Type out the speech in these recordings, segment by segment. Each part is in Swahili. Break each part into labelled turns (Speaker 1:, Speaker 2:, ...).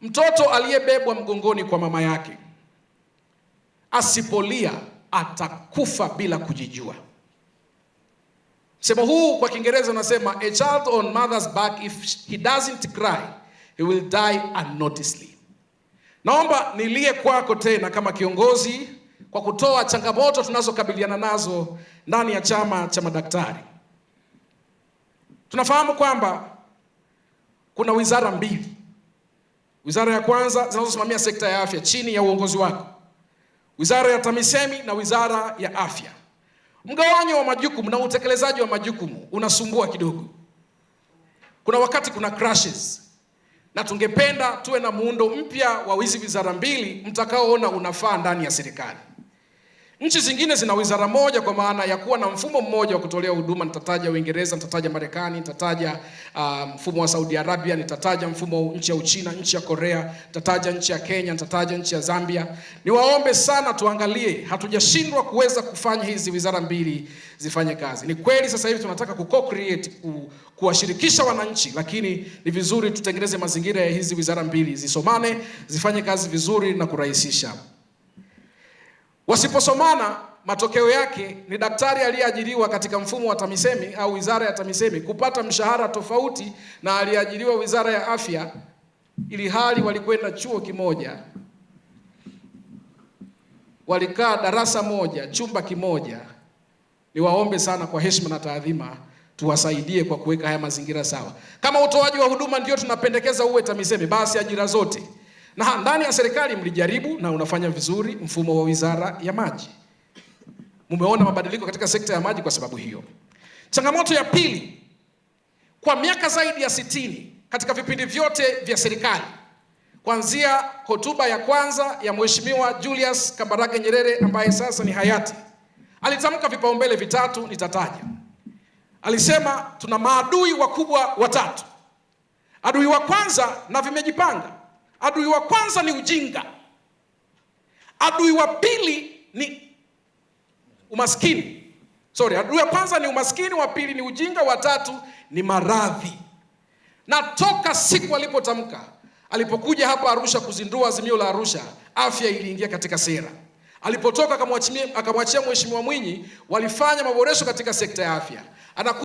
Speaker 1: Mtoto aliyebebwa mgongoni kwa mama yake asipolia atakufa bila kujijua. Msemo huu kwa Kiingereza unasema a child on mother's back if he doesn't cry he will die unnoticedly. Naomba nilie kwako tena kama kiongozi kwa kutoa changamoto tunazokabiliana nazo ndani ya chama cha madaktari. Tunafahamu kwamba kuna wizara mbili wizara ya kwanza zinazosimamia sekta ya afya chini ya uongozi wako, wizara ya TAMISEMI na wizara ya afya. Mgawanyo wa majukumu na utekelezaji wa majukumu unasumbua kidogo, kuna wakati kuna crashes, na tungependa tuwe na muundo mpya wa hizi wizara mbili mtakaoona unafaa ndani ya serikali. Nchi zingine zina wizara moja kwa maana ya kuwa na mfumo mmoja wa kutolea huduma. Nitataja Uingereza, nitataja Marekani, nitataja uh, mfumo wa Saudi Arabia, nitataja mfumo nchi ya Uchina, nchi ya Korea, nitataja nchi ya Kenya, nitataja nchi ya Zambia. Niwaombe sana tuangalie, hatujashindwa kuweza kufanya hizi wizara mbili zifanye kazi. Ni kweli sasa hivi tunataka ku co-create ku, kuwashirikisha wananchi, lakini ni vizuri tutengeneze mazingira ya hizi wizara mbili zisomane, zifanye kazi vizuri na kurahisisha Wasiposomana, matokeo yake ni daktari aliyeajiriwa katika mfumo wa TAMISEMI au wizara ya TAMISEMI kupata mshahara tofauti na aliyeajiriwa wizara ya afya, ili hali walikwenda chuo kimoja, walikaa darasa moja, chumba kimoja. Niwaombe sana kwa heshima na taadhima tuwasaidie kwa kuweka haya mazingira sawa. Kama utoaji wa huduma ndio tunapendekeza uwe TAMISEMI, basi ajira zote na ndani ya serikali mlijaribu na unafanya vizuri mfumo wa wizara ya maji. mumeona mabadiliko katika sekta ya maji kwa sababu hiyo. Changamoto ya pili, kwa miaka zaidi ya sitini katika vipindi vyote vya serikali kuanzia hotuba ya kwanza ya Mheshimiwa Julius Kambarage Nyerere ambaye sasa ni hayati, alitamka vipaumbele vitatu nitataja. Alisema tuna maadui wakubwa watatu. Adui wa kwanza na vimejipanga Adui wa kwanza ni ujinga, adui wa pili ni umaskini. Sorry, adui wa kwanza ni umaskini, wa pili ni ujinga, wa tatu ni maradhi. Na toka siku alipotamka, alipokuja hapa Arusha kuzindua azimio la Arusha, afya iliingia katika sera. Alipotoka akamwachia Mheshimiwa Mwinyi, walifanya maboresho katika sekta ya afya. Anakuja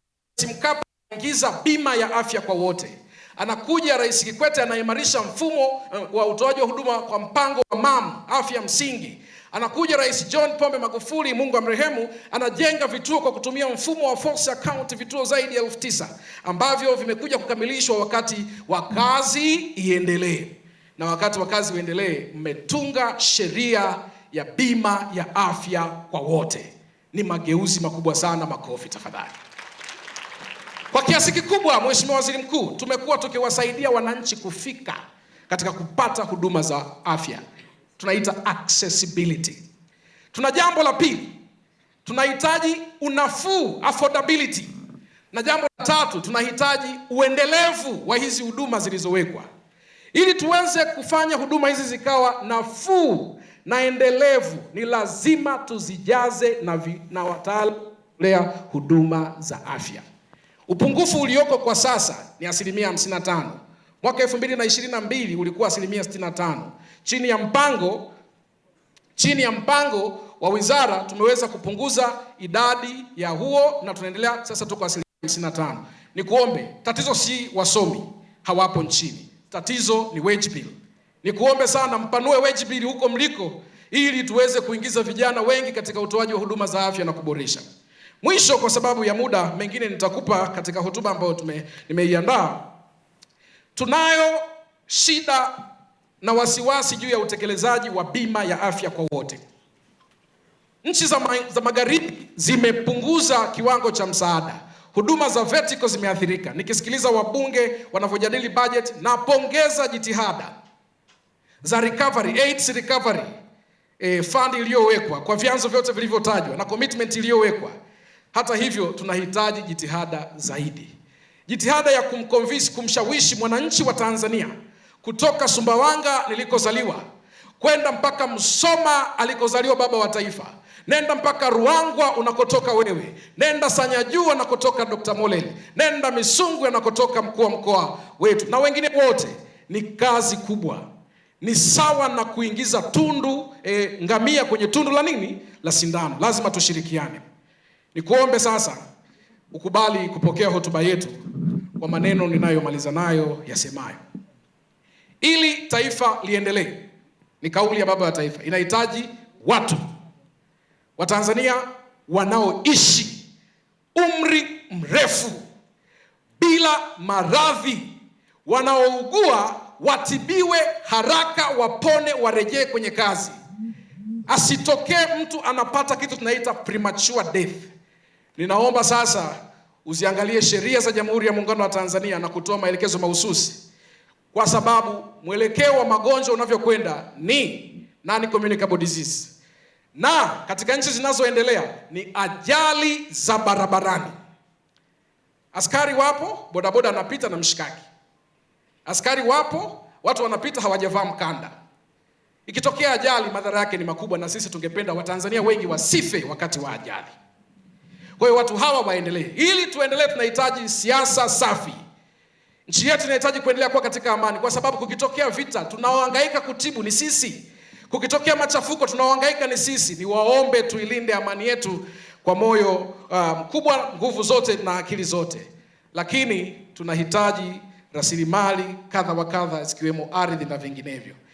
Speaker 1: Mkapa, aingiza bima ya afya kwa wote Anakuja Rais Kikwete anaimarisha mfumo eh, wa utoaji wa huduma kwa mpango wa MAM afya msingi. Anakuja Rais John Pombe Magufuli, Mungu amrehemu, anajenga vituo kwa kutumia mfumo wa force account, vituo zaidi ya elfu tisa ambavyo vimekuja kukamilishwa wakati wa kazi iendelee. Na wakati wa kazi uendelee, mmetunga sheria ya bima ya afya kwa wote. Ni mageuzi makubwa sana, makofi tafadhali. Kwa kiasi kikubwa, Mheshimiwa Waziri Mkuu, tumekuwa tukiwasaidia wananchi kufika katika kupata huduma za afya, tunaita accessibility. Tuna jambo la pili, tunahitaji unafuu, affordability, na jambo la tatu tunahitaji uendelevu wa hizi huduma zilizowekwa, ili tuweze kufanya huduma hizi zikawa nafuu na endelevu. Ni lazima tuzijaze na, na wataalamu huduma za afya. Upungufu ulioko kwa sasa ni asilimia 55. Mwaka 2022 ulikuwa asilimia 65. Chini ya mpango chini ya mpango wa wizara tumeweza kupunguza idadi ya huo na tunaendelea sasa, tuko asilimia 55. Ni kuombe, tatizo si wasomi hawapo nchini, tatizo ni wage bill. Ni kuombe sana mpanue wage bill huko mliko, ili tuweze kuingiza vijana wengi katika utoaji wa huduma za afya na kuboresha Mwisho, kwa sababu ya muda, mengine nitakupa katika hotuba ambayo nimeiandaa. Tunayo shida na wasiwasi juu ya utekelezaji wa bima ya afya kwa wote. Nchi za, ma za magharibi zimepunguza kiwango cha msaada, huduma za vertical zimeathirika. Nikisikiliza wabunge wanavyojadili bajeti, napongeza jitihada za recovery, AIDS recovery eh, fund iliyowekwa kwa vyanzo vyote vilivyotajwa na commitment iliyowekwa hata hivyo, tunahitaji jitihada zaidi, jitihada ya kumconvince, kumshawishi mwananchi wa Tanzania kutoka Sumbawanga nilikozaliwa kwenda mpaka Msoma alikozaliwa baba wa taifa, nenda mpaka Ruangwa unakotoka wewe, nenda Sanyajuu anakotoka Dr. Molel, nenda misungu anakotoka mkuu wa mkoa wetu na wengine wote. Ni kazi kubwa, ni sawa na kuingiza tundu e, ngamia kwenye tundu la nini la sindano. Lazima tushirikiane. Nikuombe sasa ukubali kupokea hotuba yetu kwa maneno ninayomaliza nayo yasemayo, ili taifa liendelee. Ni kauli ya baba wa taifa, inahitaji watu Watanzania wanaoishi umri mrefu bila maradhi, wanaougua watibiwe haraka, wapone, warejee kwenye kazi. Asitokee mtu anapata kitu tunaita premature death. Ninaomba sasa uziangalie sheria za Jamhuri ya Muungano wa Tanzania na kutoa maelekezo mahususi, kwa sababu mwelekeo wa magonjwa unavyokwenda ni non communicable disease, na katika nchi zinazoendelea ni ajali za barabarani. Askari wapo, bodaboda anapita na mshikaki, askari wapo, watu wanapita hawajavaa mkanda. Ikitokea ajali, madhara yake ni makubwa, na sisi tungependa Watanzania wengi wasife wakati wa ajali. Kwa hiyo watu hawa waendelee. Ili tuendelee, tunahitaji siasa safi. Nchi yetu inahitaji kuendelea kuwa katika amani, kwa sababu kukitokea vita tunaohangaika kutibu ni sisi, kukitokea machafuko tunaohangaika ni sisi. Ni waombe tuilinde amani yetu kwa moyo uh, mkubwa, um, nguvu zote na akili zote, lakini tunahitaji rasilimali kadha wa kadha zikiwemo ardhi na vinginevyo.